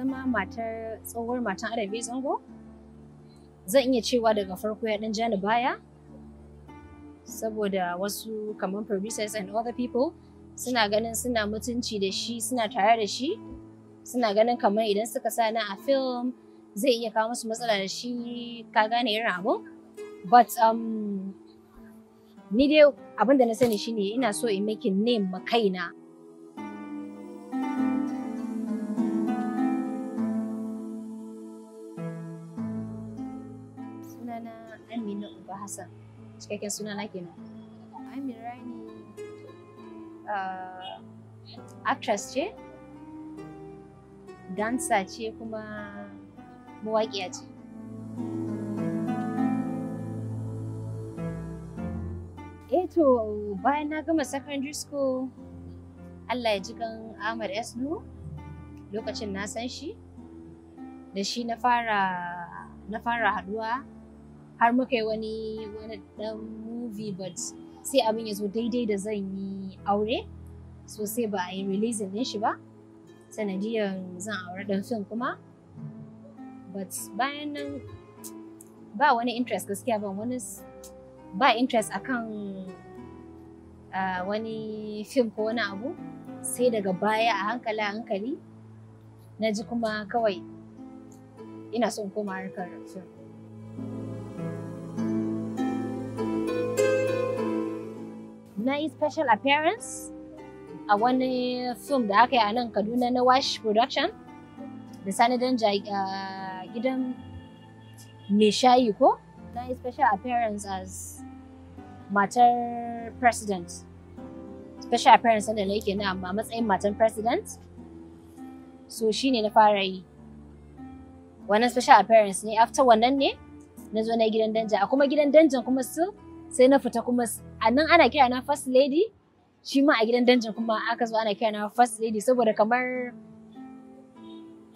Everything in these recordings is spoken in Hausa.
zama matar tsohuwar matan arabi zango zan iya cewa daga farko ya ɗan jani baya saboda wasu kamar producers and other people suna ganin suna mutunci da shi suna tare da shi suna ganin kamar idan suka sa na a film zai iya kawo musu matsala da shi ka gane irin abu but um, ni dai abin da na sani shine ina so in make name ma kaina Hassan. Cikakken suna na kenan. Amira uh, actress ce, dansa ce kuma mawaƙiya ce. Eto eh bayan na gama secondary school Allah ya ji kan Ahmad Esnu lokacin na san shi da shi na fara na fara haduwa har muka yi wani wani dan movie but sai abin ya zo daidai da zan yi aure so sai ba a yi releasing din shi ba sanadiyar zan aure dan fim kuma but bayan nan ba wani interest gaskiya ban wani ba interest akan uh, wani film ko wani abu sai daga baya a hankali a hankali na ji kuma kawai ina son koma harkar film. na yi special appearance a wani film da aka yi a nan kaduna na wash production da sanidan gidan mai shayi ko na yi special appearance as matar president special appearance da na yake na amma matsayin matan president so shi ne na fara yi wannan special appearance ne after wannan ne na zo na gidan danja a kuma gidan danjan kuma su sai na fita kuma a ana kira na first lady shi ma a gidan danjin kuma aka zo ana kira na first lady saboda kamar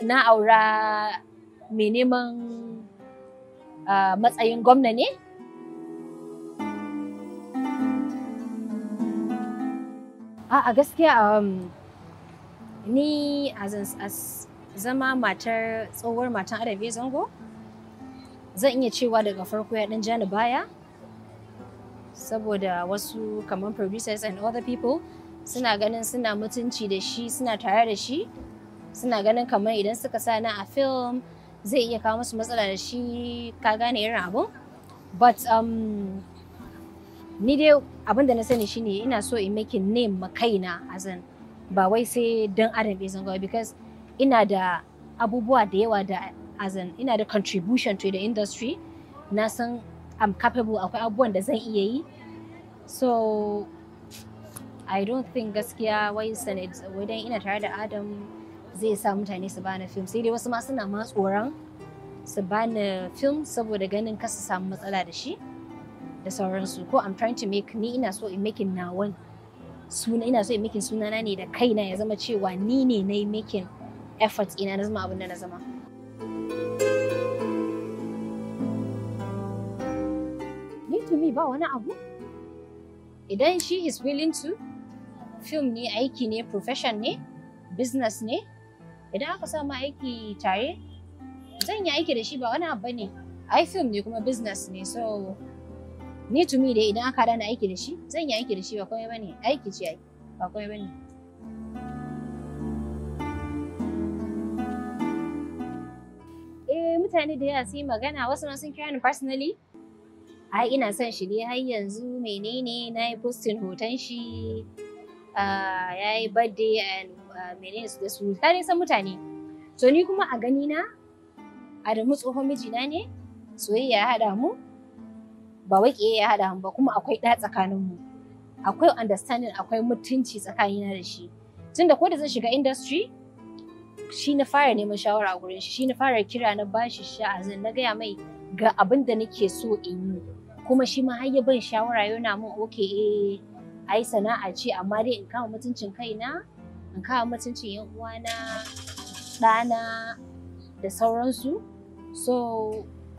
na aura mai neman ah, matsayin gwamna ne a gaskiya um, ni as zama matar tsohuwar matan arabe zango zan iya cewa daga farko ya dan jani baya saboda wasu kamar producers and other people suna ganin suna mutunci da shi suna tare da shi suna ganin kamar idan suka sa na a film zai iya kawo musu matsala da shi ka gane irin abu but um, ni dai abin da na sani shine ina so in make name ma kaina azan ba wai sai don adam bai zango because ina da abubuwa da yawa da azan ina da contribution to the industry na san I'm capable akwai abubuwan da zan iya yi so I don't think gaskiya wai sanad wadan ina tare da Adam zai sa mutane su bani film sai dai wasu ma suna ma tsoron su bani film saboda ganin kasu samu matsala da shi da sauransu ko I'm trying to make ni ina so in making na suna ina so in making sunana ne da kaina ya zama cewa ni ne na making effort ina na zama abin da na zama. azumi ba wani abu idan she is willing to film ne aiki ne profession ne business ne idan aka samu aiki tare zan yi aiki da shi ba wani abu ne ai film ne kuma business ne so ni to me dai idan aka da na aiki da shi zan yi aiki da shi ba komai bane aiki ce ai ba komai bane eh mutane da yawa sun yi magana wasu sun kira ni personally ai ina son shi dai har yanzu menene na yi postin hoton shi ah, ya yi birthday and ah, menene su da su tare san mutane to ni kuma a gani na Adamu tsohon mijina ne soyayya ya haɗa mu ba wake ya haɗa mu ba kuma akwai ɗa tsakanin mu akwai understanding akwai mutunci na da shi tunda ko da zan shiga industry shi na fara neman shawara a gurin shi shi na fara kira na bashi sha'azin na gaya mai ga abin da nake so in yi kuma shi ma har ya ban shawara yana min oke eh ai sana'a ce amma dai in kawo mutuncin kai na, in kawo mutuncin yan uwana ɗana da sauransu so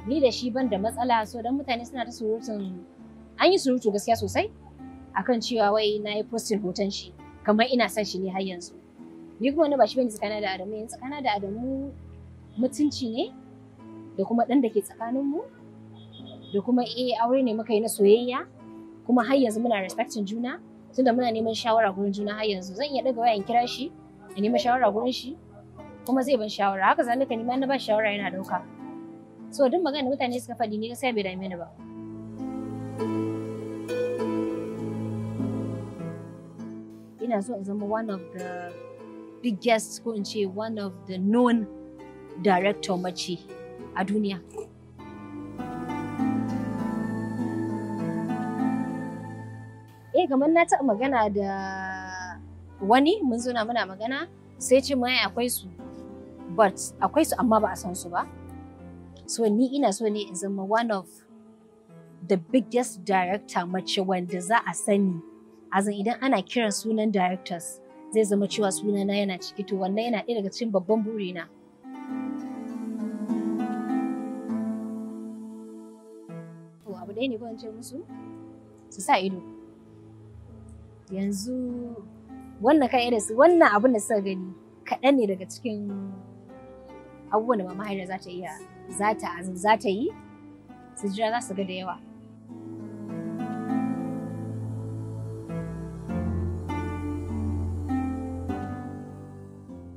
ni da shi ban da matsala so dan mutane suna ta surutun an yi surutu gaskiya sosai akan cewa wai na yi postin hoton shi kamar ina son shi ne har yanzu ni kuma na ba shi bane tsakana da adamu yanzu tsakana da adamu mutunci ne da kuma ɗan da ke tsakaninmu da kuma eh aure ne muka yi na soyayya kuma har yanzu muna respectin juna tunda muna neman shawara gurin juna har yanzu zan iya daga wayan kira shi da neman shawara gurin shi kuma zai ban shawara haka zalika ni ma na ba shawara yana dauka so duk magana mutane suka faɗi ni gaskiya bai dame ni ba ina so in zama one of the biggest ko in ce one of the known director mace a duniya dai kamar na taɓa magana da wani mun zo muna magana sai ce mai akwai su but akwai su amma ba a san su ba so ni ina so ne in zama one of the biggest director mace wanda za a sani azan idan ana kiran sunan directors zai zama cewa sunana yana ciki to wannan yana ɗaya daga cikin babban burina to abu ɗaya ne ko ce musu su sa ido yanzu wannan kan irin wannan abin da suka gani kaɗan ne daga cikin abubuwan da mama za ta yi su jira za su ga da yawa